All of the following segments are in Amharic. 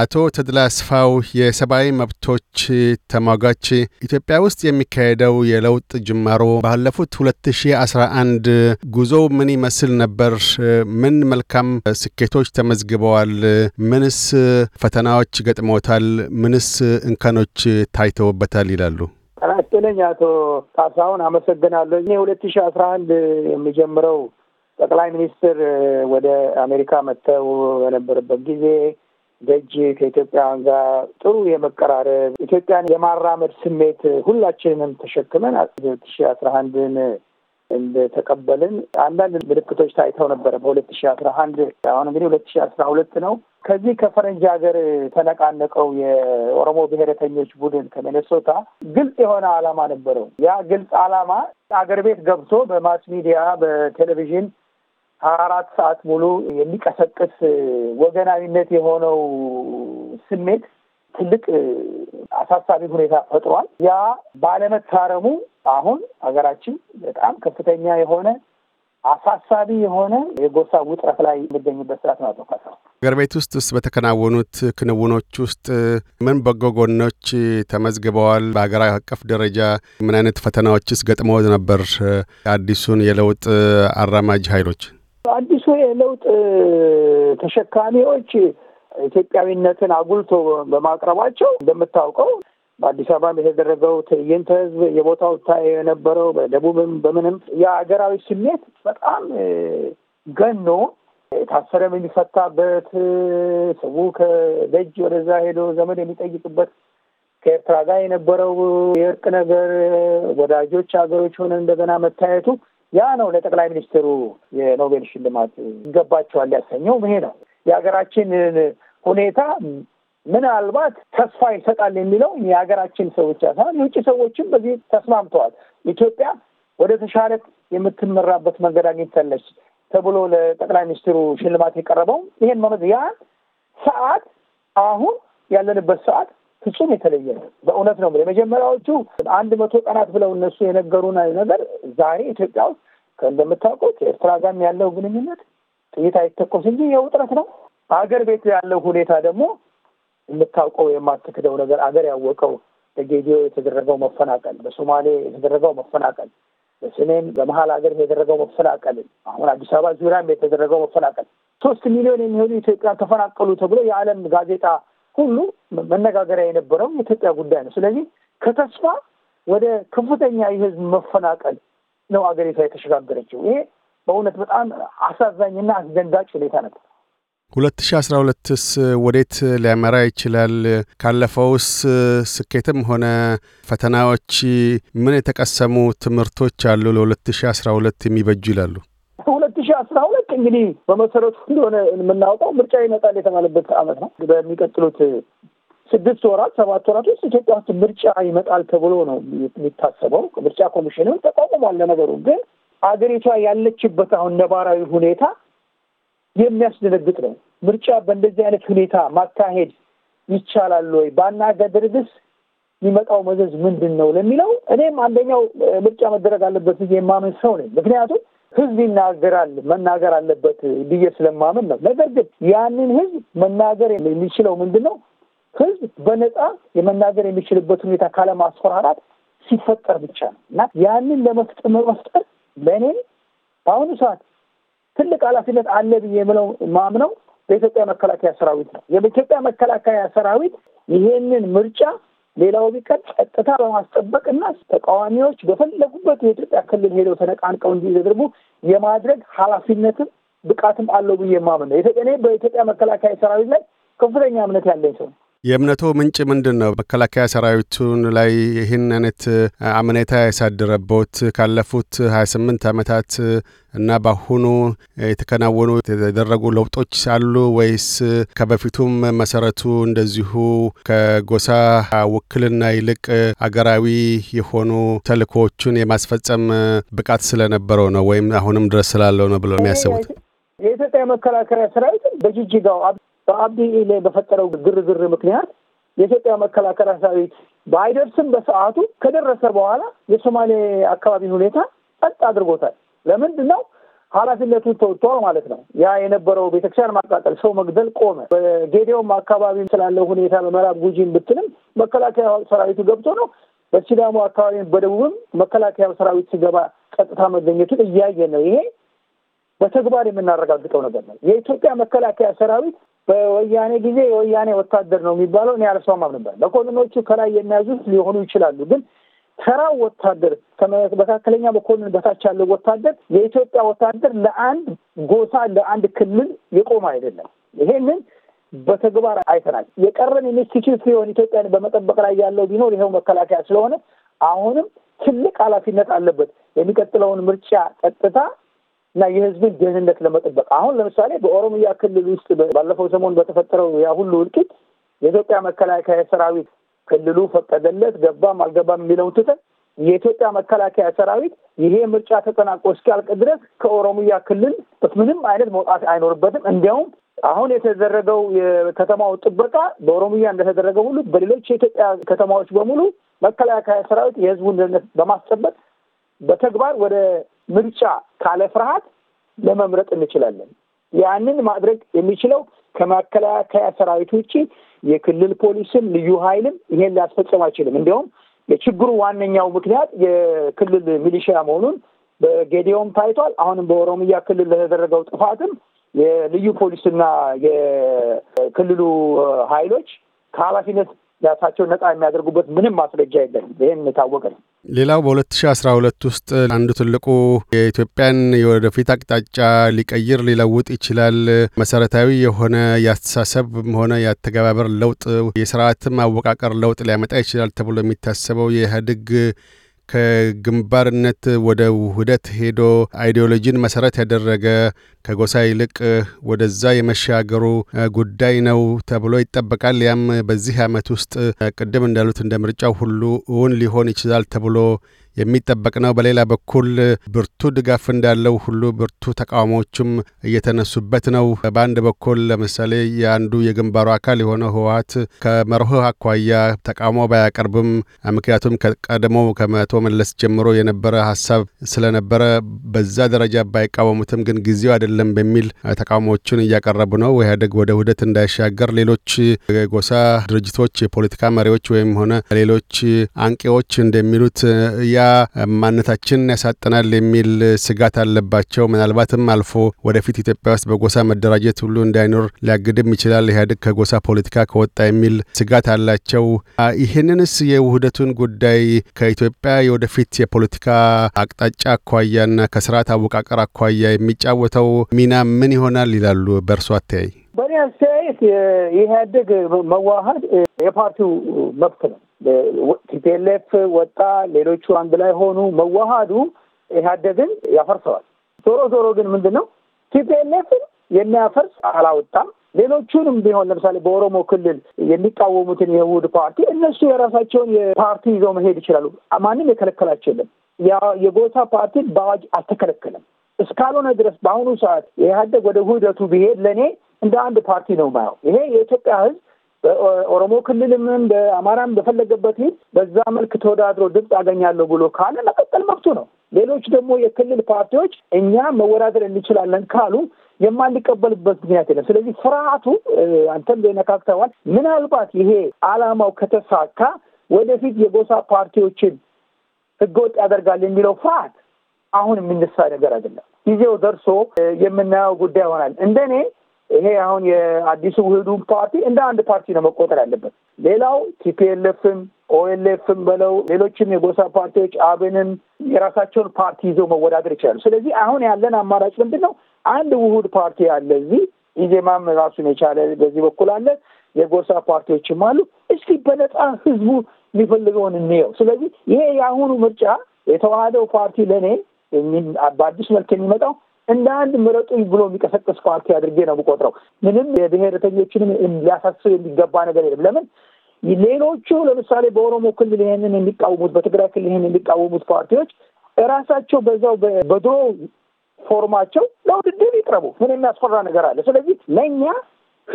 አቶ ተድላ ስፋው የሰብአዊ መብቶች ተሟጋች፣ ኢትዮጵያ ውስጥ የሚካሄደው የለውጥ ጅማሮ ባለፉት 2011 ጉዞው ምን ይመስል ነበር? ምን መልካም ስኬቶች ተመዝግበዋል? ምንስ ፈተናዎች ገጥሞታል? ምንስ እንከኖች ታይተውበታል? ይላሉ። ጠናስጥልኝ አቶ ካሳሁን አመሰግናለሁ። እኔ ሁለት ሺ አስራ አንድ የሚጀምረው ጠቅላይ ሚኒስትር ወደ አሜሪካ መጥተው በነበረበት ጊዜ በእጅ ከኢትዮጵያውያን ጋር ጥሩ የመቀራረብ ኢትዮጵያን የማራመድ ስሜት ሁላችንም ተሸክመን ሁለት ሺ አስራ አንድን እንደተቀበልን አንዳንድ ምልክቶች ታይተው ነበረ በሁለት ሺ አስራ አንድ አሁን እንግዲህ ሁለት ሺ አስራ ሁለት ነው። ከዚህ ከፈረንጅ ሀገር ተነቃነቀው የኦሮሞ ብሔረተኞች ቡድን ከሚኔሶታ ግልጽ የሆነ ዓላማ ነበረው። ያ ግልጽ ዓላማ አገር ቤት ገብቶ በማስ ሚዲያ በቴሌቪዥን ሀያ አራት ሰዓት ሙሉ የሚቀሰቅስ ወገናዊነት የሆነው ስሜት ትልቅ አሳሳቢ ሁኔታ ፈጥሯል። ያ ባለመታረሙ አሁን ሀገራችን በጣም ከፍተኛ የሆነ አሳሳቢ የሆነ የጎሳ ውጥረት ላይ የሚገኝበት ስርዓት ነው። አቶ ሀገር ቤት ውስጥ ውስጥ በተከናወኑት ክንውኖች ውስጥ ምን በጎ ጎኖች ተመዝግበዋል? በሀገር አቀፍ ደረጃ ምን አይነት ፈተናዎችስ ገጥመው ነበር? አዲሱን የለውጥ አራማጅ ኃይሎች አዲሱ የለውጥ ተሸካሚዎች ኢትዮጵያዊነትን አጉልቶ በማቅረባቸው እንደምታውቀው በአዲስ አበባም የተደረገው ትዕይንተ ህዝብ የቦታው ታየ የነበረው በደቡብም በምንም የሀገራዊ ስሜት በጣም ገኖ የታሰረም የሚፈታበት ሰው ከደጅ ወደዛ ሄዶ ዘመድ የሚጠይቅበት ከኤርትራ ጋር የነበረው የእርቅ ነገር ወዳጆች ሀገሮች ሆነ እንደገና መታየቱ ያ ነው ለጠቅላይ ሚኒስትሩ የኖቤል ሽልማት ይገባቸዋል ያሰኘው ይሄ ነው። የሀገራችን ሁኔታ ምናልባት ተስፋ ይሰጣል የሚለው የሀገራችን ሰው ብቻ ሳይሆን የውጭ ሰዎችም በዚህ ተስማምተዋል። ኢትዮጵያ ወደ ተሻለ የምትመራበት መንገድ አግኝታለች ተብሎ ለጠቅላይ ሚኒስትሩ ሽልማት የቀረበው ይሄን መመዝ ያን ሰዓት አሁን ያለንበት ሰዓት ፍጹም የተለየ ነው። በእውነት ነው የመጀመሪያዎቹ አንድ መቶ ቀናት ብለው እነሱ የነገሩን ነገር ዛሬ ኢትዮጵያ ውስጥ እንደምታውቁት ኤርትራ ጋም ያለው ግንኙነት ጥይት አይተኮስ እንጂ የውጥረት ነው። አገር ቤት ያለው ሁኔታ ደግሞ የምታውቀው የማትክደው ነገር አገር ያወቀው በጌዲዮ የተደረገው መፈናቀል፣ በሶማሌ የተደረገው መፈናቀል፣ በስኔም በመሀል ሀገር የተደረገው መፈናቀል፣ አሁን አዲስ አበባ ዙሪያም የተደረገው መፈናቀል ሶስት ሚሊዮን የሚሆኑ ኢትዮጵያ ተፈናቀሉ ተብሎ የዓለም ጋዜጣ ሁሉ መነጋገሪያ የነበረው የኢትዮጵያ ጉዳይ ነው። ስለዚህ ከተስፋ ወደ ከፍተኛ የህዝብ መፈናቀል ነው አገሪቷ የተሸጋገረችው። ይሄ በእውነት በጣም አሳዛኝና አስደንጋጭ ሁኔታ ነበር። ሁለት ሺ አስራ ሁለትስ ወዴት ሊያመራ ይችላል? ካለፈውስ ስኬትም ሆነ ፈተናዎች ምን የተቀሰሙ ትምህርቶች አሉ ለሁለት ሺ አስራ ሁለት የሚበጁ ይላሉ? ሁለት ሺ አስራ ሁለት እንግዲህ በመሰረቱ እንደሆነ የምናውቀው ምርጫ ይመጣል የተባለበት አመት ነው። በሚቀጥሉት ስድስት ወራት ሰባት ወራት ውስጥ ኢትዮጵያ ውስጥ ምርጫ ይመጣል ተብሎ ነው የሚታሰበው። ምርጫ ኮሚሽንም ተቋቁሟል። ለነገሩ ግን አገሪቷ ያለችበት አሁን ነባራዊ ሁኔታ የሚያስደነግጥ ነው። ምርጫ በእንደዚህ አይነት ሁኔታ ማካሄድ ይቻላል ወይ? ባናገድርግስ የሚመጣው መዘዝ ምንድን ነው ለሚለው እኔም አንደኛው ምርጫ መደረግ አለበት ብዬ የማምን ሰው ነኝ። ምክንያቱም ህዝብ ይናገራል መናገር አለበት ብዬ ስለማምን ነው። ነገር ግን ያንን ህዝብ መናገር የሚችለው ምንድን ነው ህዝብ በነፃ የመናገር የሚችልበት ሁኔታ ካለማስፈራራት ሲፈጠር ብቻ ነው እና ያንን ለመፍጠር ለእኔ በአሁኑ ሰዓት ትልቅ ኃላፊነት አለ ብዬ የምለው ማምነው በኢትዮጵያ መከላከያ ሰራዊት ነው። የኢትዮጵያ መከላከያ ሰራዊት ይሄንን ምርጫ ሌላው ቢቀር ጸጥታ በማስጠበቅ እና ተቃዋሚዎች በፈለጉበት የኢትዮጵያ ክልል ሄደው ተነቃንቀው እንዲደርጉ የማድረግ ኃላፊነትም ብቃትም አለው ብዬ የማምን ነው። እኔ በኢትዮጵያ መከላከያ ሰራዊት ላይ ከፍተኛ እምነት ያለኝ ሰው ነው። የእምነቱ ምንጭ ምንድን ነው? መከላከያ ሰራዊቱን ላይ ይህን አይነት አመኔታ ያሳደረቦት ካለፉት 28 ዓመታት እና በአሁኑ የተከናወኑ የተደረጉ ለውጦች አሉ ወይስ ከበፊቱም መሰረቱ እንደዚሁ ከጎሳ ውክልና ይልቅ አገራዊ የሆኑ ተልእኮዎችን የማስፈጸም ብቃት ስለነበረው ነው ወይም አሁንም ድረስ ስላለው ነው ብለው የሚያስቡት? የኢትዮጵያ መከላከያ ሰራዊት በጅጅጋው በአብዲ ላይ በፈጠረው ግርግር ምክንያት የኢትዮጵያ መከላከያ ሰራዊት ባይደርስም በሰዓቱ ከደረሰ በኋላ የሶማሌ አካባቢ ሁኔታ ጸጥ አድርጎታል። ለምንድን ነው? ኃላፊነቱን ተወጥቷል ማለት ነው። ያ የነበረው ቤተክርስቲያን ማቃጠል፣ ሰው መግደል ቆመ። በጌዴኦም አካባቢ ስላለው ሁኔታ በምዕራብ ጉጂን ብትልም መከላከያ ሰራዊቱ ገብቶ ነው። በሲዳሞ አካባቢ በደቡብም መከላከያ ሰራዊት ሲገባ ጸጥታ መገኘቱን እያየ ነው ይሄ በተግባር የምናረጋግጠው ነገር ነው። የኢትዮጵያ መከላከያ ሰራዊት በወያኔ ጊዜ የወያኔ ወታደር ነው የሚባለው እኔ አልስማማም ነበር። መኮንኖቹ ከላይ የሚያዙት ሊሆኑ ይችላሉ፣ ግን ተራው ወታደር መካከለኛ መኮንን በታች ያለው ወታደር የኢትዮጵያ ወታደር ለአንድ ጎሳ ለአንድ ክልል የቆመ አይደለም። ይሄንን በተግባር አይተናል። የቀረን ኢንስቲትዩት ሲሆን ኢትዮጵያን በመጠበቅ ላይ ያለው ቢኖር ይኸው መከላከያ ስለሆነ አሁንም ትልቅ ኃላፊነት አለበት። የሚቀጥለውን ምርጫ ቀጥታ እና የህዝብን ደህንነት ለመጠበቅ አሁን ለምሳሌ በኦሮሚያ ክልል ውስጥ ባለፈው ሰሞን በተፈጠረው ያ ሁሉ እልቂት የኢትዮጵያ መከላከያ ሰራዊት ክልሉ ፈቀደለት ገባም አልገባም የሚለውን ትተን የኢትዮጵያ መከላከያ ሰራዊት ይሄ ምርጫ ተጠናቆ እስኪያልቅ ድረስ ከኦሮሚያ ክልል ምንም አይነት መውጣት አይኖርበትም። እንዲያውም አሁን የተደረገው የከተማው ጥበቃ በኦሮሚያ እንደተደረገው ሁሉ በሌሎች የኢትዮጵያ ከተማዎች በሙሉ መከላከያ ሰራዊት የህዝቡን ደህንነት በማስጠበቅ በተግባር ወደ ምርጫ ካለ ፍርሃት ለመምረጥ እንችላለን። ያንን ማድረግ የሚችለው ከመከላከያ ሰራዊት ውጭ የክልል ፖሊስም ልዩ ኃይልም ይሄን ሊያስፈጽም አይችልም። እንዲያውም የችግሩ ዋነኛው ምክንያት የክልል ሚሊሽያ መሆኑን በጌዲዮም ታይቷል። አሁንም በኦሮሚያ ክልል ለተደረገው ጥፋትም የልዩ ፖሊስና የክልሉ ኃይሎች ከኃላፊነት ራሳቸው ነጻ የሚያደርጉበት ምንም ማስረጃ የለም። ይህም የታወቀ ነው። ሌላው አስራ ሁለት ውስጥ አንዱ ትልቁ የኢትዮጵያን የወደፊት አቅጣጫ ሊቀይር ሊለውጥ ይችላል መሰረታዊ የሆነ የአስተሳሰብም ሆነ የአተገባበር ለውጥ የስርዓትም አወቃቀር ለውጥ ሊያመጣ ይችላል ተብሎ የሚታሰበው የኢህአዴግ ከግንባርነት ወደ ውህደት ሄዶ አይዲዮሎጂን መሰረት ያደረገ ከጎሳ ይልቅ ወደዛ የመሻገሩ ጉዳይ ነው ተብሎ ይጠበቃል። ያም በዚህ ዓመት ውስጥ ቅድም እንዳሉት እንደ ምርጫው ሁሉ እውን ሊሆን ይችላል ተብሎ የሚጠበቅ ነው። በሌላ በኩል ብርቱ ድጋፍ እንዳለው ሁሉ ብርቱ ተቃውሞዎችም እየተነሱበት ነው። በአንድ በኩል ለምሳሌ የአንዱ የግንባሩ አካል የሆነው ህወሀት ከመርህ አኳያ ተቃውሞ ባያቀርብም ምክንያቱም ከቀድሞ ከመቶ መለስ ጀምሮ የነበረ ሀሳብ ስለነበረ በዛ ደረጃ ባይቃወሙትም ግን ጊዜው አይደለም በሚል ተቃውሞዎቹን እያቀረቡ ነው። ኢህአዴግ ወደ ውህደት እንዳይሻገር ሌሎች ጎሳ ድርጅቶች፣ የፖለቲካ መሪዎች ወይም ሆነ ሌሎች አንቂዎች እንደሚሉት ያ ማንነታችን ያሳጠናል የሚል ስጋት አለባቸው። ምናልባትም አልፎ ወደፊት ኢትዮጵያ ውስጥ በጎሳ መደራጀት ሁሉ እንዳይኖር ሊያግድም ይችላል ኢህአዴግ ከጎሳ ፖለቲካ ከወጣ የሚል ስጋት አላቸው። ይህንንስ የውህደቱን ጉዳይ ከኢትዮጵያ የወደፊት የፖለቲካ አቅጣጫ አኳያና ከስርዓት አወቃቀር አኳያ የሚጫወተው ሚና ምን ይሆናል ይላሉ በእርሶ አተያይ? በእኔ አስተያየት የኢህአዴግ መዋሀድ የፓርቲው መብት ነው። ቲፒኤልኤፍ ወጣ፣ ሌሎቹ አንድ ላይ ሆኑ። መዋሃዱ ኢህአዴግን ያፈርሰዋል። ዞሮ ዞሮ ግን ምንድን ነው ቲፒኤልኤፍን የሚያፈርስ አላወጣም። ሌሎቹንም ቢሆን ለምሳሌ በኦሮሞ ክልል የሚቃወሙትን የውድ ፓርቲ እነሱ የራሳቸውን የፓርቲ ይዘው መሄድ ይችላሉ። ማንም የከለከላቸው የለም። የጎሳ ፓርቲን በአዋጅ አልተከለከለም። እስካልሆነ ድረስ በአሁኑ ሰዓት የኢህአዴግ ወደ ውህደቱ ቢሄድ ለእኔ እንደ አንድ ፓርቲ ነው ማየው። ይሄ የኢትዮጵያ ህዝብ? በኦሮሞ ክልልም በአማራም በፈለገበት ሂድ በዛ መልክ ተወዳድሮ ድምፅ አገኛለሁ ብሎ ካለ መቀጠል መብቱ ነው። ሌሎች ደግሞ የክልል ፓርቲዎች እኛ መወዳደር እንችላለን ካሉ የማንቀበልበት ምክንያት የለም። ስለዚህ ፍርሃቱ አንተም ነካክተዋል። ምናልባት ይሄ አላማው ከተሳካ ወደፊት የጎሳ ፓርቲዎችን ህገወጥ ያደርጋል የሚለው ፍርሃት አሁን የሚነሳ ነገር አይደለም። ጊዜው ደርሶ የምናየው ጉዳይ ይሆናል እንደኔ ይሄ አሁን የአዲሱ ውህዱ ፓርቲ እንደ አንድ ፓርቲ ነው መቆጠር ያለበት። ሌላው ቲፒኤልኤፍም ኦኤልኤፍም በለው ሌሎችም የጎሳ ፓርቲዎች አብንም የራሳቸውን ፓርቲ ይዘው መወዳደር ይችላሉ። ስለዚህ አሁን ያለን አማራጭ ምንድን ነው? አንድ ውሁድ ፓርቲ አለ እዚህ። ኢዜማም ራሱን የቻለ በዚህ በኩል አለ። የጎሳ ፓርቲዎችም አሉ። እስኪ በነፃ ህዝቡ የሚፈልገውን እንየው። ስለዚህ ይሄ የአሁኑ ምርጫ የተዋህደው ፓርቲ ለእኔ በአዲስ መልክ የሚመጣው እንደ አንድ ምረጡኝ ብሎ የሚቀሰቅስ ፓርቲ አድርጌ ነው የምቆጥረው። ምንም የብሔረተኞችንም ሊያሳስብ የሚገባ ነገር የለም። ለምን ሌሎቹ ለምሳሌ በኦሮሞ ክልል ይህንን የሚቃወሙት፣ በትግራይ ክልል ይህን የሚቃወሙት ፓርቲዎች እራሳቸው በዛው በድሮ ፎርማቸው ለውድድር ይቅረቡ። ምን የሚያስፈራ ነገር አለ? ስለዚህ ለእኛ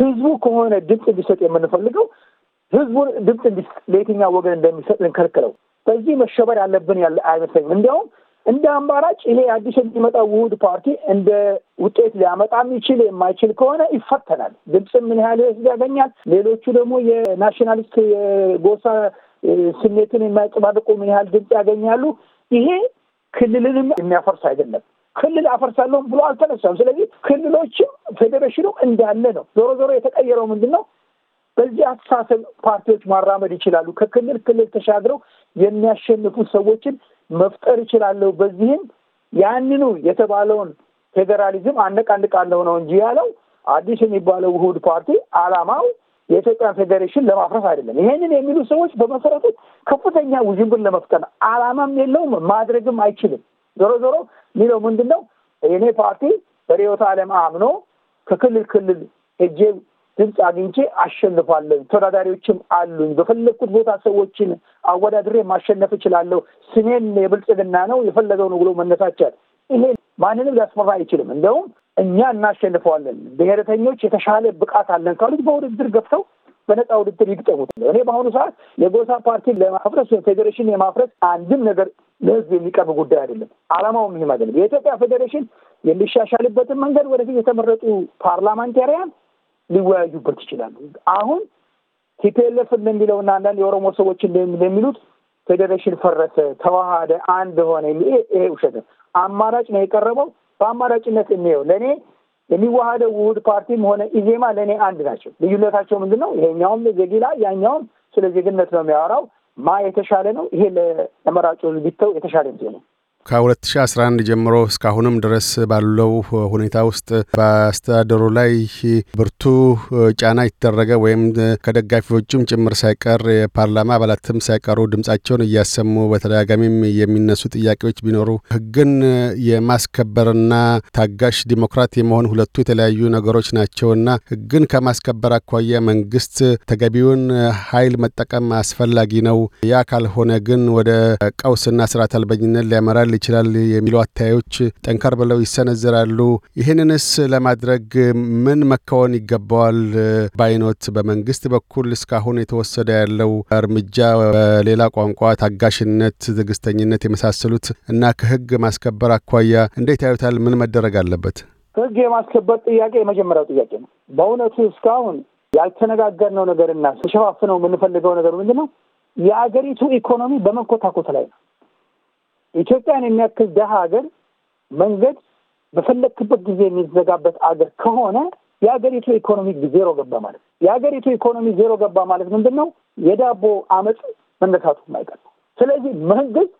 ህዝቡ ከሆነ ድምፅ እንዲሰጥ የምንፈልገው ህዝቡን ድምፅ ለየትኛው ወገን እንደሚሰጥ እንከልክለው። በዚህ መሸበር ያለብን ያለ አይመስለኝም። እንዲያውም እንደ አማራጭ ይሄ አዲስ የሚመጣው ውሁድ ፓርቲ እንደ ውጤት ሊያመጣ የሚችል የማይችል ከሆነ ይፈተናል። ግብፅም ምን ያህል ህዝብ ያገኛል? ሌሎቹ ደግሞ የናሽናሊስት የጎሳ ስሜትን የማያንጸባርቁ ምን ያህል ድምፅ ያገኛሉ? ይሄ ክልልንም የሚያፈርስ አይደለም። ክልል አፈርሳለሁም ብሎ አልተነሳም። ስለዚህ ክልሎችም ፌዴሬሽኑ እንዳለ ነው። ዞሮ ዞሮ የተቀየረው ምንድን ነው? በዚህ አስተሳሰብ ፓርቲዎች ማራመድ ይችላሉ። ከክልል ክልል ተሻግረው የሚያሸንፉ ሰዎችን መፍጠር ይችላለሁ። በዚህም ያንኑ የተባለውን ፌዴራሊዝም አነቃንቃለሁ ነው እንጂ ያለው አዲስ የሚባለው ውሁድ ፓርቲ አላማው የኢትዮጵያን ፌዴሬሽን ለማፍረስ አይደለም። ይሄንን የሚሉ ሰዎች በመሰረቱ ከፍተኛ ውዥንብር ለመፍጠር አላማም የለውም፣ ማድረግም አይችልም። ዞሮ ዞሮ የሚለው ምንድን ነው? የኔ ፓርቲ በርዕዮተ ዓለም አምኖ ከክልል ክልል ሄጄ ድምፅ አግኝቼ አሸንፋለሁ፣ ተወዳዳሪዎችም አሉኝ፣ በፈለግኩት ቦታ ሰዎችን አወዳድሬ ማሸነፍ እችላለሁ፣ ስሜን የብልጽግና ነው የፈለገው ነው ብሎ መነሳቻል። ይሄ ማንንም ሊያስመራ አይችልም። እንደውም እኛ እናሸንፈዋለን፣ ብሔረተኞች የተሻለ ብቃት አለን ካሉት በውድድር ገብተው በነፃ ውድድር ይግጠሙት። እኔ በአሁኑ ሰዓት የጎሳ ፓርቲ ለማፍረስ ወይም ፌዴሬሽን የማፍረስ አንድም ነገር ለህዝብ የሚቀርብ ጉዳይ አይደለም። አላማውም ይህም አይደለም። የኢትዮጵያ ፌዴሬሽን የሚሻሻልበትን መንገድ ወደፊት የተመረጡ ፓርላማንታሪያን ሊወያዩበት ይችላሉ። አሁን ቲፒኤልኤፍ እና አንዳንድ የኦሮሞ ሰዎች እንደሚሉት ፌዴሬሽን ፈረሰ፣ ተዋሃደ፣ አንድ ሆነ። ይሄ ውሸት ነው። አማራጭ ነው የቀረበው። በአማራጭነት የሚየው ለእኔ የሚዋሃደው ውህድ ፓርቲም ሆነ ኢዜማ ለእኔ አንድ ናቸው። ልዩነታቸው ምንድን ነው? ይሄኛውም ዜጊላ፣ ያኛውም ስለ ዜግነት ነው የሚያወራው። ማ የተሻለ ነው? ይሄ ለመራጩ ቢተው የተሻለ ነው። ከ2011 ጀምሮ እስካሁንም ድረስ ባለው ሁኔታ ውስጥ በአስተዳደሩ ላይ ብርቱ ጫና የተደረገ ወይም ከደጋፊዎችም ጭምር ሳይቀር የፓርላማ አባላትም ሳይቀሩ ድምጻቸውን እያሰሙ በተደጋጋሚም የሚነሱ ጥያቄዎች ቢኖሩ ሕግን የማስከበርና ታጋሽ ዲሞክራት የመሆን ሁለቱ የተለያዩ ነገሮች ናቸውና ሕግን ከማስከበር አኳያ መንግስት ተገቢውን ኃይል መጠቀም አስፈላጊ ነው። ያ ካልሆነ ግን ወደ ቀውስና ስርዓት አልበኝነት ሊያመራል ሊሆን ይችላል የሚሉ አታዮች ጠንከር ብለው ይሰነዝራሉ። ይህንንስ ለማድረግ ምን መከወን ይገባዋል ባይኖት? በመንግስት በኩል እስካሁን የተወሰደ ያለው እርምጃ በሌላ ቋንቋ ታጋሽነት፣ ትዕግስተኝነት የመሳሰሉት እና ከህግ ማስከበር አኳያ እንዴት ያዩታል? ምን መደረግ አለበት? ህግ የማስከበር ጥያቄ የመጀመሪያው ጥያቄ ነው። በእውነቱ እስካሁን ያልተነጋገርነው ነገርና ተሸፋፍነው የምንፈልገው ነገር ምንድን ነው? የአገሪቱ ኢኮኖሚ በመንኮታኮት ላይ ነው። ኢትዮጵያን የሚያክል ደሀ ሀገር መንገድ በፈለግክበት ጊዜ የሚዘጋበት አገር ከሆነ የሀገሪቱ ኢኮኖሚ ዜሮ ገባ ማለት ነው። የሀገሪቱ ኢኮኖሚ ዜሮ ገባ ማለት ምንድን ነው? የዳቦ አመፅ መነሳቱ አይቀር። ስለዚህ መንግስት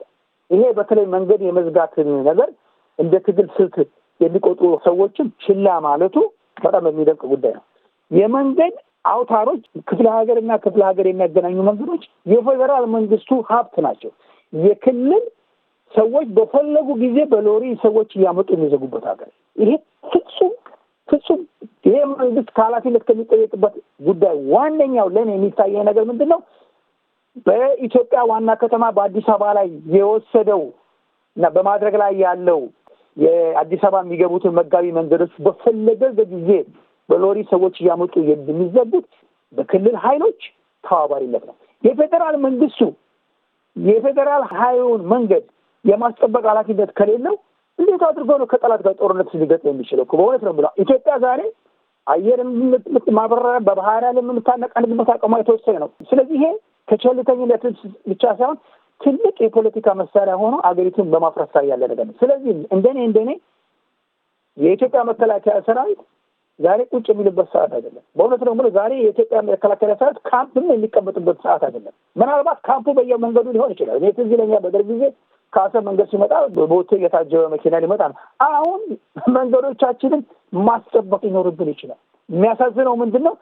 ይሄ በተለይ መንገድ የመዝጋትን ነገር እንደ ትግል ስልት የሚቆጥሩ ሰዎችም ችላ ማለቱ በጣም የሚደንቅ ጉዳይ ነው። የመንገድ አውታሮች ክፍለ ሀገር እና ክፍለ ሀገር የሚያገናኙ መንገዶች የፌዴራል መንግስቱ ሀብት ናቸው። የክልል ሰዎች በፈለጉ ጊዜ በሎሪ ሰዎች እያመጡ የሚዘጉበት ሀገር ይሄ ፍጹም ፍጹም ይሄ መንግስት ከኃላፊነት ከሚጠየቅበት ጉዳይ ዋነኛው ለእኔ የሚታየ ነገር ምንድን ነው? በኢትዮጵያ ዋና ከተማ በአዲስ አበባ ላይ የወሰደው እና በማድረግ ላይ ያለው የአዲስ አበባ የሚገቡትን መጋቢ መንገዶች በፈለገ ጊዜ በሎሪ ሰዎች እያመጡ የሚዘጉት በክልል ኃይሎች ተባባሪነት ነው። የፌዴራል መንግስቱ የፌዴራል ኃይሉን መንገድ የማስጠበቅ ኃላፊነት ከሌለው እንዴት አድርጎ ነው ከጠላት ጋር ጦርነት ሊገጥ የሚችለው? በእውነት ነው ብላ ኢትዮጵያ ዛሬ አየር ማበረራ በባህር ያለ የምታነቅ አንድነት አቅሟ የተወሰነ ነው። ስለዚህ ይሄ ከቸልተኝነት ብቻ ሳይሆን ትልቅ የፖለቲካ መሳሪያ ሆኖ አገሪቱን በማፍረስ ላይ ያለ ነገር ነው። ስለዚህ እንደኔ እንደኔ የኢትዮጵያ መከላከያ ሰራዊት ዛሬ ቁጭ የሚልበት ሰዓት አይደለም። በእውነት ነው ብሎ ዛሬ የኢትዮጵያ መከላከያ ሰራዊት ካምፕም የሚቀመጥበት ሰዓት አይደለም። ምናልባት ካምፑ በየመንገዱ ሊሆን ይችላል። እኔ ትዝ ይለኛል በደርግ ጊዜ ከአሰብ መንገድ ሲመጣ በቦቴ የታጀበ መኪና ሊመጣ ነው። አሁን መንገዶቻችንን ማስጠበቅ ሊኖርብን ይችላል። የሚያሳዝነው ምንድን ነው?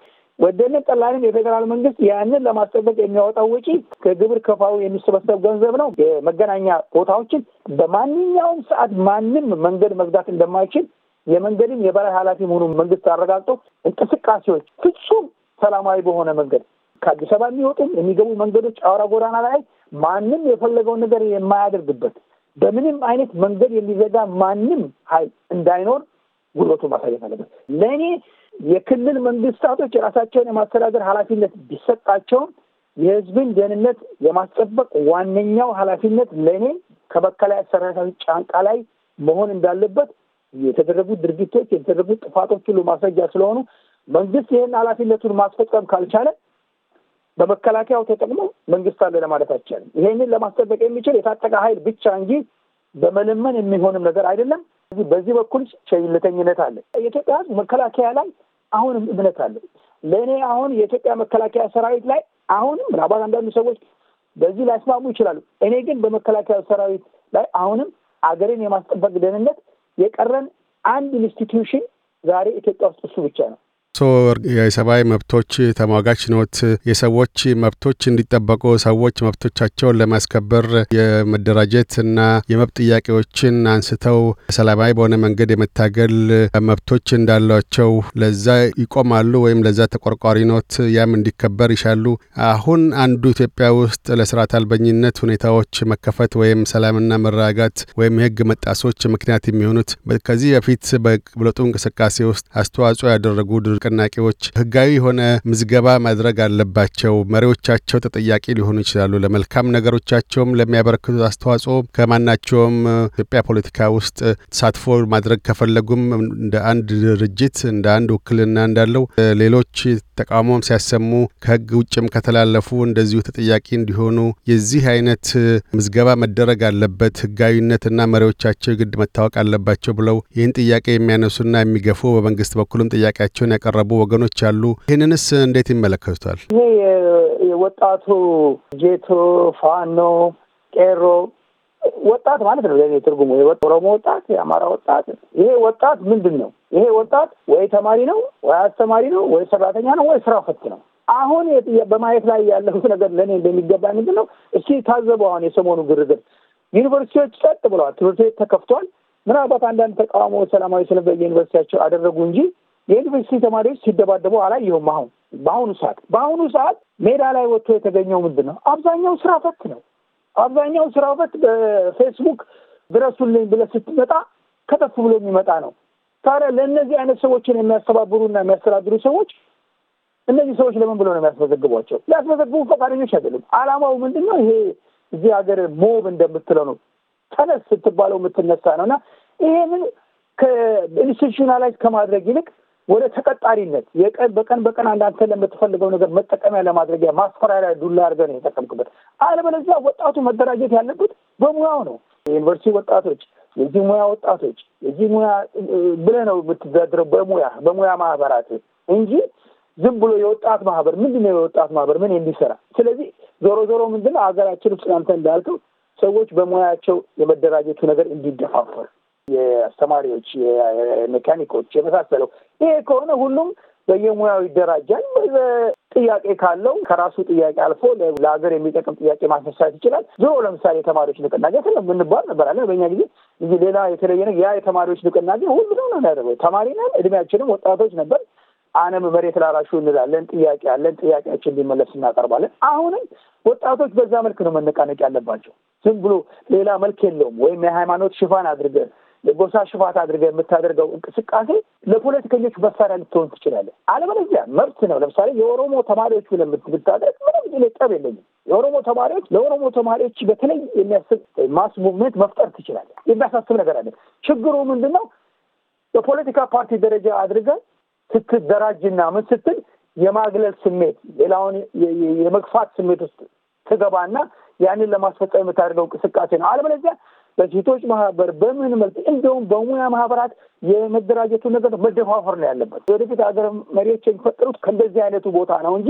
ወደንም ጠላንም የፌዴራል መንግስት ያንን ለማስጠበቅ የሚያወጣው ወጪ ከግብር ከፋዩ የሚሰበሰብ ገንዘብ ነው። የመገናኛ ቦታዎችን በማንኛውም ሰዓት ማንም መንገድ መዝጋት እንደማይችል የመንገድም የበላይ ኃላፊ መሆኑን መንግስት አረጋግጦ እንቅስቃሴዎች ፍጹም ሰላማዊ በሆነ መንገድ ከአዲስ አበባ የሚወጡም የሚገቡ መንገዶች አውራ ጎዳና ላይ ማንም የፈለገውን ነገር የማያደርግበት በምንም አይነት መንገድ የሚዘጋ ማንም ኃይል እንዳይኖር ጉልበቱ ማሳየት አለበት። ለእኔ የክልል መንግስታቶች የራሳቸውን የማስተዳደር ኃላፊነት ቢሰጣቸውም የህዝብን ደህንነት የማስጠበቅ ዋነኛው ኃላፊነት ለእኔ ከመከላከያ ሰራዊት ጫንቃ ላይ መሆን እንዳለበት የተደረጉ ድርጊቶች የተደረጉ ጥፋቶች ሁሉ ማስረጃ ስለሆኑ መንግስት ይህን ኃላፊነቱን ማስፈጸም ካልቻለ በመከላከያው ተጠቅሞ መንግስት አለ ለማለት አይቻልም። ይሄንን ለማስጠበቅ የሚችል የታጠቀ ኃይል ብቻ እንጂ በመለመን የሚሆንም ነገር አይደለም። በዚህ በኩል ቸልተኝነት አለ። የኢትዮጵያ ህዝብ መከላከያ ላይ አሁንም እምነት አለ። ለእኔ አሁን የኢትዮጵያ መከላከያ ሰራዊት ላይ አሁንም ምናልባት አንዳንዱ ሰዎች በዚህ ላይስማሙ ይችላሉ። እኔ ግን በመከላከያ ሰራዊት ላይ አሁንም አገሬን የማስጠበቅ ደህንነት የቀረን አንድ ኢንስቲትዩሽን ዛሬ ኢትዮጵያ ውስጥ እሱ ብቻ ነው። አቶ የሰብአዊ መብቶች ተሟጋች ኖት። የሰዎች መብቶች እንዲጠበቁ ሰዎች መብቶቻቸውን ለማስከበር የመደራጀት እና የመብት ጥያቄዎችን አንስተው ሰላማዊ በሆነ መንገድ የመታገል መብቶች እንዳሏቸው ለዛ ይቆማሉ ወይም ለዛ ተቆርቋሪ ኖት። ያም እንዲከበር ይሻሉ። አሁን አንዱ ኢትዮጵያ ውስጥ ለስርዓት አልበኝነት ሁኔታዎች መከፈት ወይም ሰላምና መረጋጋት ወይም የህግ መጣሶች ምክንያት የሚሆኑት ከዚህ በፊት በለውጡ እንቅስቃሴ ውስጥ አስተዋጽኦ ያደረጉ ድርቅ ንቅናቄዎች ህጋዊ የሆነ ምዝገባ ማድረግ አለባቸው። መሪዎቻቸው ተጠያቂ ሊሆኑ ይችላሉ። ለመልካም ነገሮቻቸውም ለሚያበረክቱት አስተዋጽኦ ከማናቸውም ኢትዮጵያ ፖለቲካ ውስጥ ተሳትፎ ማድረግ ከፈለጉም እንደ አንድ ድርጅት እንደ አንድ ውክልና እንዳለው ሌሎች ተቃውሞም ሲያሰሙ ከህግ ውጭም ከተላለፉ እንደዚሁ ተጠያቂ እንዲሆኑ የዚህ አይነት ምዝገባ መደረግ አለበት፣ ህጋዊነትና መሪዎቻቸው ግድ መታወቅ አለባቸው ብለው ይህን ጥያቄ የሚያነሱና የሚገፉ በመንግስት በኩልም ጥያቄያቸውን ያቀረ የተቃረቡ ወገኖች አሉ። ይህንንስ እንዴት ይመለከቱታል? ይሄ የወጣቱ ጄቶ፣ ፋኖ፣ ቄሮ ወጣት ማለት ነው። ለእኔ ትርጉሙ ኦሮሞ ወጣት፣ የአማራ ወጣት። ይሄ ወጣት ምንድን ነው? ይሄ ወጣት ወይ ተማሪ ነው፣ ወይ አስተማሪ ነው፣ ወይ ሰራተኛ ነው፣ ወይ ስራ ፈት ነው። አሁን በማየት ላይ ያለሁት ነገር ለእኔ እንደሚገባ ምንድን ነው? እስኪ ታዘቡ። አሁን የሰሞኑ ግርግር ዩኒቨርሲቲዎች ጸጥ ብለዋል። ትምህርት ቤት ተከፍቷል። ምናልባት አንዳንድ ተቃውሞ ሰላማዊ ስለበ ዩኒቨርሲቲያቸው አደረጉ እንጂ የዩኒቨርሲቲ ተማሪዎች ሲደባደቡ አላየሁም። አሁን በአሁኑ ሰዓት በአሁኑ ሰዓት ሜዳ ላይ ወጥቶ የተገኘው ምንድን ነው? አብዛኛው ስራ ፈት ነው። አብዛኛው ስራ ፈት በፌስቡክ ድረሱልኝ ብለህ ስትመጣ ከተፍ ብሎ የሚመጣ ነው። ታዲያ ለእነዚህ አይነት ሰዎችን የሚያስተባብሩና የሚያስተዳድሩ ሰዎች እነዚህ ሰዎች ለምን ብሎ ነው የሚያስመዘግቧቸው? ሊያስመዘግቡ ፈቃደኞች አይደሉም። አላማው ምንድን ነው? ይሄ እዚህ ሀገር ሞብ እንደምትለው ነው። ተነስ ስትባለው የምትነሳ ነው እና ይሄንን ኢንስቲቱሽናላይዝ ከማድረግ ይልቅ ወደ ተቀጣሪነት የቀን በቀን በቀን አንዳንተ ለምትፈልገው ነገር መጠቀሚያ ለማድረጊያ ማስፈራሪያ ዱላ አድርገህ ነው የተጠቀምክበት። አለበለዚያ ወጣቱ መደራጀት ያለበት በሙያው ነው። የዩኒቨርሲቲ ወጣቶች፣ የዚህ ሙያ ወጣቶች፣ የዚህ ሙያ ብለህ ነው የምትደረድረው በሙያ በሙያ ማህበራት እንጂ ዝም ብሎ የወጣት ማህበር ምንድን ነው? የወጣት ማህበር ምን እንዲሰራ ስለዚህ ዞሮ ዞሮ ምንድን ነው ሀገራችን ውስጥ አንተ እንዳልከው ሰዎች በሙያቸው የመደራጀቱ ነገር እንዲደፋፈር የአስተማሪዎች፣ የሜካኒኮች የመሳሰለው ይሄ ከሆነ ሁሉም በየሙያው ይደራጃል። ጥያቄ ካለው ከራሱ ጥያቄ አልፎ ለሀገር የሚጠቅም ጥያቄ ማስነሳት ይችላል። ዞሮ ለምሳሌ የተማሪዎች ንቅናቄ ስለ ምንባል አለ በኛ ጊዜ ሌላ የተለየ ነ ያ የተማሪዎች ንቅናቄ ሁሉንም ነው ያደረገው። ተማሪ ነን፣ እድሜያችንም ወጣቶች ነበር። አነም መሬት ላራሹ እንላለን። ጥያቄ አለን፣ ጥያቄያችን ሊመለስ እናቀርባለን። አሁንም ወጣቶች በዛ መልክ ነው መነቃነቅ ያለባቸው። ዝም ብሎ ሌላ መልክ የለውም። ወይም የሃይማኖት ሽፋን አድርገን ጎሳ ሽፋት አድርገህ የምታደርገው እንቅስቃሴ ለፖለቲከኞች መሳሪያ ልትሆን ትችላለህ። አለበለዚያ መብት ነው። ለምሳሌ የኦሮሞ ተማሪዎች ብለህ ብታደርግ ምንም ጠብ የለኝም። የኦሮሞ ተማሪዎች ለኦሮሞ ተማሪዎች በተለይ የሚያስብ ማስ ሙቭመንት መፍጠር ትችላለህ። የሚያሳስብ ነገር አለ። ችግሩ ምንድን ነው? በፖለቲካ ፓርቲ ደረጃ አድርገህ ስትደራጅና ምን ስትል የማግለል ስሜት፣ ሌላውን የመግፋት ስሜት ውስጥ ትገባና ያንን ለማስፈጸም የምታደርገው እንቅስቃሴ ነው። አለበለዚያ በሴቶች ማህበር በምን መልክ እንዲሁም በሙያ ማህበራት የመደራጀቱ ነገር መደፋፈር ነው ያለበት። ወደፊት ሀገር መሪዎች የሚፈጠሩት ከእንደዚህ አይነቱ ቦታ ነው እንጂ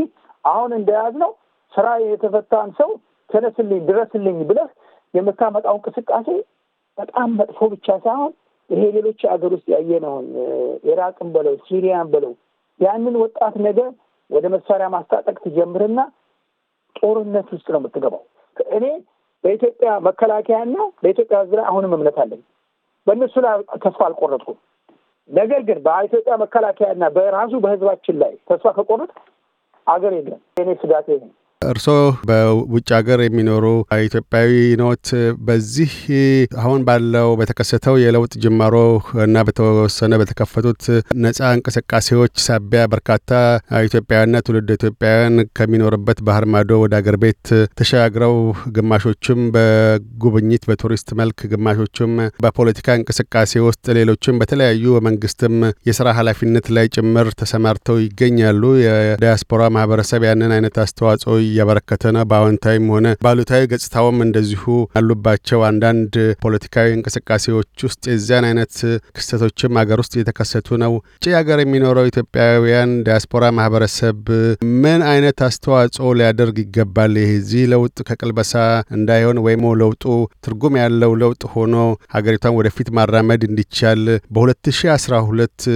አሁን እንደያዝ ነው ስራ የተፈታን ሰው ተነስልኝ፣ ድረስልኝ ብለህ የምታመጣው እንቅስቃሴ በጣም መጥፎ ብቻ ሳይሆን ይሄ ሌሎች ሀገር ውስጥ ያየነውን ኢራቅን በለው ሲሪያን በለው ያንን ወጣት ነገ ወደ መሳሪያ ማስታጠቅ ትጀምርና ጦርነት ውስጥ ነው የምትገባው። እኔ በኢትዮጵያ መከላከያና በኢትዮጵያ ሕዝብ ላይ አሁንም እምነት አለኝ። በእነሱ ላይ ተስፋ አልቆረጥኩም። ነገር ግን በኢትዮጵያ መከላከያና በራሱ በህዝባችን ላይ ተስፋ ከቆረጥ አገር የለም። የኔ ስጋቴ ነው። እርስዎ በውጭ ሀገር የሚኖሩ ኢትዮጵያዊ ኖት። በዚህ አሁን ባለው በተከሰተው የለውጥ ጅማሮ እና በተወሰነ በተከፈቱት ነፃ እንቅስቃሴዎች ሳቢያ በርካታ ኢትዮጵያውያንና ትውልድ ኢትዮጵያውያን ከሚኖርበት ባህር ማዶ ወደ አገር ቤት ተሻግረው ግማሾቹም በጉብኝት በቱሪስት መልክ፣ ግማሾቹም በፖለቲካ እንቅስቃሴ ውስጥ፣ ሌሎችም በተለያዩ በመንግስትም የስራ ኃላፊነት ላይ ጭምር ተሰማርተው ይገኛሉ። የዲያስፖራ ማህበረሰብ ያንን አይነት አስተዋጽኦ እያበረከተነ በአዎንታዊም ሆነ ባሉታዊ ገጽታውም እንደዚሁ ያሉባቸው አንዳንድ ፖለቲካዊ እንቅስቃሴዎች ውስጥ የዚያን አይነት ክስተቶችም አገር ውስጥ እየተከሰቱ ነው። ውጭ ሀገር የሚኖረው ኢትዮጵያውያን ዲያስፖራ ማህበረሰብ ምን አይነት አስተዋጽኦ ሊያደርግ ይገባል? ይህዚህ ለውጥ ከቅልበሳ እንዳይሆን ወይም ለውጡ ትርጉም ያለው ለውጥ ሆኖ ሀገሪቷን ወደፊት ማራመድ እንዲቻል በ2012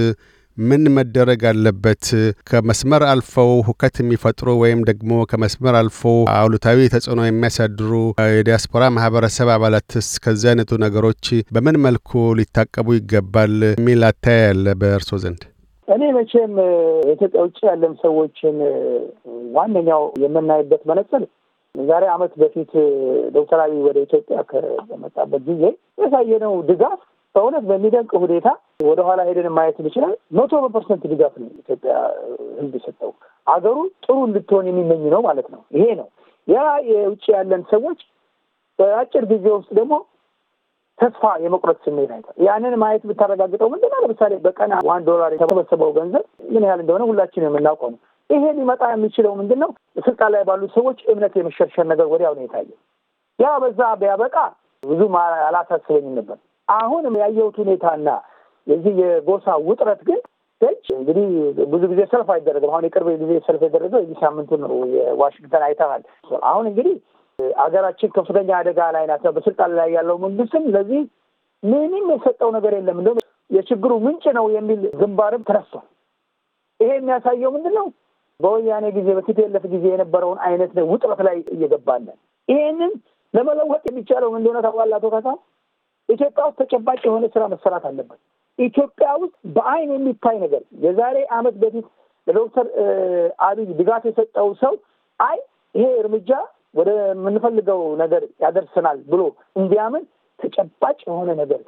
ምን መደረግ አለበት? ከመስመር አልፈው ሁከት የሚፈጥሩ ወይም ደግሞ ከመስመር አልፈው አውሎታዊ ተጽዕኖ የሚያሳድሩ የዲያስፖራ ማህበረሰብ አባላትስ ከዚህ አይነቱ ነገሮች በምን መልኩ ሊታቀቡ ይገባል የሚል አታያ ያለ በእርሶ ዘንድ? እኔ መቼም ኢትዮጵያ ውጭ ያለን ሰዎችን ዋነኛው የምናይበት መነጽር ዛሬ አመት በፊት ዶክተር አብይ ወደ ኢትዮጵያ ከመጣበት ጊዜ ያሳየነው ድጋፍ በእውነት በሚደንቅ ሁኔታ ወደኋላ ሄደን ማየት እንችላል። መቶ በፐርሰንት ድጋፍ ነው ኢትዮጵያ ህዝብ የሰጠው አገሩ ጥሩ እንድትሆን የሚመኝ ነው ማለት ነው። ይሄ ነው ያ የውጭ ያለን ሰዎች በአጭር ጊዜ ውስጥ ደግሞ ተስፋ የመቁረጥ ስሜት አይታል። ያንን ማየት ብታረጋግጠው ምንድነው ለምሳሌ በቀን ዋን ዶላር የተሰበሰበው ገንዘብ ምን ያህል እንደሆነ ሁላችን የምናውቀው ነው። ይሄ ሊመጣ የሚችለው ምንድን ነው? ስልጣን ላይ ባሉት ሰዎች እምነት የመሸርሸር ነገር ወዲያው ነው የታየው። ያ በዛ ቢያበቃ ብዙም አላሳስበኝም ነበር። አሁንም ያየሁት ሁኔታና የዚህ የጎሳ ውጥረት ግን ደጅ እንግዲህ ብዙ ጊዜ ሰልፍ አይደረግም። አሁን የቅርብ ጊዜ ሰልፍ የደረገው የዚህ ሳምንቱ ነው። የዋሽንግተን አይተሃል። አሁን እንግዲህ አገራችን ከፍተኛ አደጋ ላይ ናት። በስልጣን ላይ ያለው መንግስትም ለዚህ ምንም የሰጠው ነገር የለም። እንደውም የችግሩ ምንጭ ነው የሚል ግንባርም ተነስቷል። ይሄ የሚያሳየው ምንድን ነው? በወያኔ ጊዜ በቲፒኤልኤፍ ጊዜ የነበረውን አይነት ውጥረት ላይ እየገባለን። ይሄንን ለመለወጥ የሚቻለው እንደሆነ ታውቃለህ አቶ ካሳ ኢትዮጵያ ውስጥ ተጨባጭ የሆነ ስራ መሰራት አለበት። ኢትዮጵያ ውስጥ በአይን የሚታይ ነገር የዛሬ አመት በፊት ለዶክተር አብይ ድጋፍ የሰጠው ሰው አይ ይሄ እርምጃ ወደ የምንፈልገው ነገር ያደርስናል ብሎ እንዲያምን ተጨባጭ የሆነ ነገር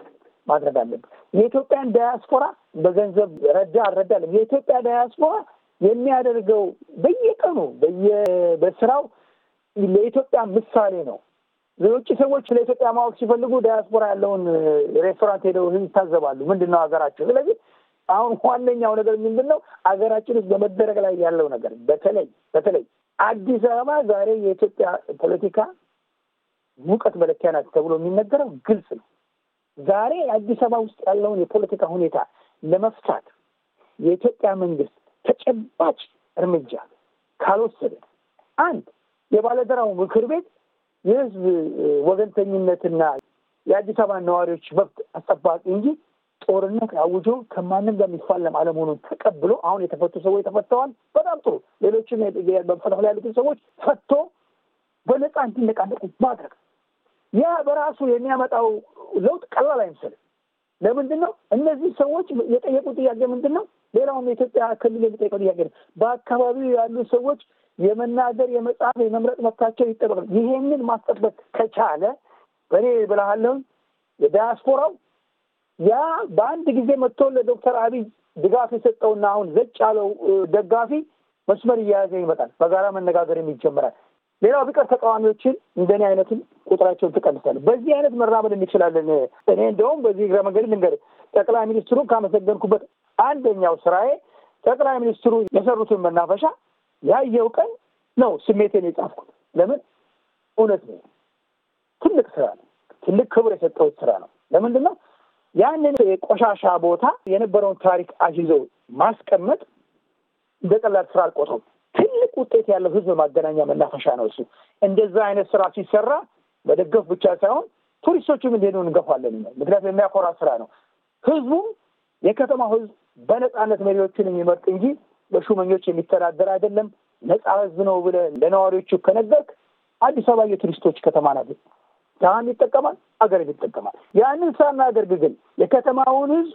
ማድረግ አለበት። የኢትዮጵያን ዳያስፖራ በገንዘብ ረዳ አልረዳለም። የኢትዮጵያ ዳያስፖራ የሚያደርገው በየቀኑ በየበስራው በስራው ለኢትዮጵያ ምሳሌ ነው። የውጭ ሰዎች ስለ ኢትዮጵያ ማወቅ ሲፈልጉ ዳያስፖራ ያለውን ሬስቶራንት ሄደው ይታዘባሉ። ምንድን ነው ሀገራችን? ስለዚህ አሁን ዋነኛው ነገር ምንድን ነው ሀገራችን ውስጥ በመደረግ ላይ ያለው ነገር በተለይ በተለይ አዲስ አበባ ዛሬ የኢትዮጵያ ፖለቲካ ሙቀት መለኪያ ናት ተብሎ የሚነገረው ግልጽ ነው። ዛሬ አዲስ አበባ ውስጥ ያለውን የፖለቲካ ሁኔታ ለመፍታት የኢትዮጵያ መንግስት ተጨባጭ እርምጃ ካልወሰደ አንድ የባለደራው ምክር ቤት የህዝብ ወገንተኝነትና የአዲስ አበባ ነዋሪዎች መብት አስጠባቂ እንጂ ጦርነት አውጆ ከማንም ጋር የሚፋለም አለመሆኑን ተቀብሎ አሁን የተፈቱ ሰዎች ተፈተዋል። በጣም ጥሩ። ሌሎችም በመፈታት ላይ ያሉትን ሰዎች ፈቶ በነፃ እንዲነቃነቁ ማድረግ ያ በራሱ የሚያመጣው ለውጥ ቀላል አይመስልም። ለምንድን ነው እነዚህ ሰዎች የጠየቁ ጥያቄ ምንድን ነው? ሌላውም የኢትዮጵያ ክልል የሚጠይቀው ጥያቄ ነው። በአካባቢው ያሉ ሰዎች የመናገር የመጽሐፍ የመምረጥ መብታቸው ይጠበቃል። ይሄንን ማስጠበቅ ከቻለ በእኔ ብልሃለሁ የዳያስፖራው ያ በአንድ ጊዜ መጥቶ ለዶክተር አብይ ድጋፍ የሰጠውና አሁን ዘጭ ያለው ደጋፊ መስመር እያያዘ ይመጣል። በጋራ መነጋገርም ይጀምራል። ሌላው ቢቀር ተቃዋሚዎችን እንደኔ አይነቱን ቁጥራቸውን ትቀንሳለ። በዚህ አይነት መራመድ እንችላለን። እኔ እንደውም በዚህ እግረ መንገድ ልንገር፣ ጠቅላይ ሚኒስትሩን ካመሰገንኩበት አንደኛው ስራዬ ጠቅላይ ሚኒስትሩ የሰሩትን መናፈሻ ያየው ቀን ነው ስሜቴን የጻፍኩት። ለምን እውነት ነው። ትልቅ ስራ ነው። ትልቅ ክብር የሰጠሁት ስራ ነው። ለምንድን ነው ያንን የቆሻሻ ቦታ የነበረውን ታሪክ አስይዘው ማስቀመጥ እንደ ቀላል ስራ አልቆጥረውም። ትልቅ ውጤት ያለው ህዝብ ማገናኛ መናፈሻ ነው እሱ። እንደዛ አይነት ስራ ሲሰራ መደገፍ ብቻ ሳይሆን ቱሪስቶችም እንዲሄዱ እንገፋለን። ምክንያቱም የሚያኮራ ስራ ነው። ህዝቡም የከተማው ህዝብ በነፃነት መሪዎችን የሚመርጥ እንጂ በሹመኞች የሚተዳደር አይደለም፣ ነፃ ህዝብ ነው ብለህ ለነዋሪዎቹ ከነገርክ አዲስ አበባ የቱሪስቶች ከተማ ናት። ድሃም ይጠቀማል፣ አገርም ይጠቀማል። ያንን ሳናደርግ ግን የከተማውን ህዝብ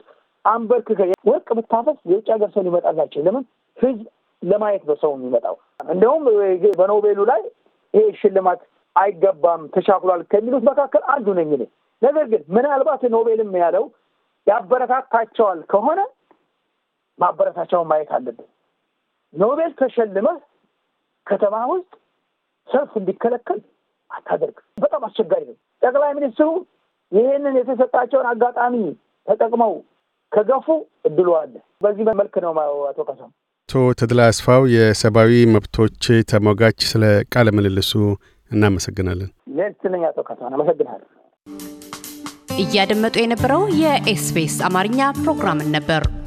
አንበርክከ ወርቅ ብታፈስ የውጭ ሀገር ሰው ሊመጣላቸው ለምን ህዝብ ለማየት በሰው የሚመጣው እንደውም በኖቤሉ ላይ ይሄ ሽልማት አይገባም ተሻክሏል ከሚሉት መካከል አንዱ ነኝ እኔ። ነገር ግን ምናልባት ኖቤልም ያለው ያበረታታቸዋል ከሆነ ማበረታቻውን ማየት አለብን። ኖቤል ተሸልመህ ከተማ ውስጥ ሰልፍ እንዲከለከል አታደርግም። በጣም አስቸጋሪ ነው። ጠቅላይ ሚኒስትሩ ይህንን የተሰጣቸውን አጋጣሚ ተጠቅመው ከገፉ እድሉ አለ። በዚህ መልክ ነው አቶ ካሳም። አቶ ተድላ አስፋው የሰብአዊ መብቶች ተሟጋች፣ ስለ ቃለ ምልልሱ እናመሰግናለን። ነስትነኝ አቶ ካሳን አመሰግናለሁ። እያደመጡ የነበረው የኤስቢኤስ አማርኛ ፕሮግራምን ነበር።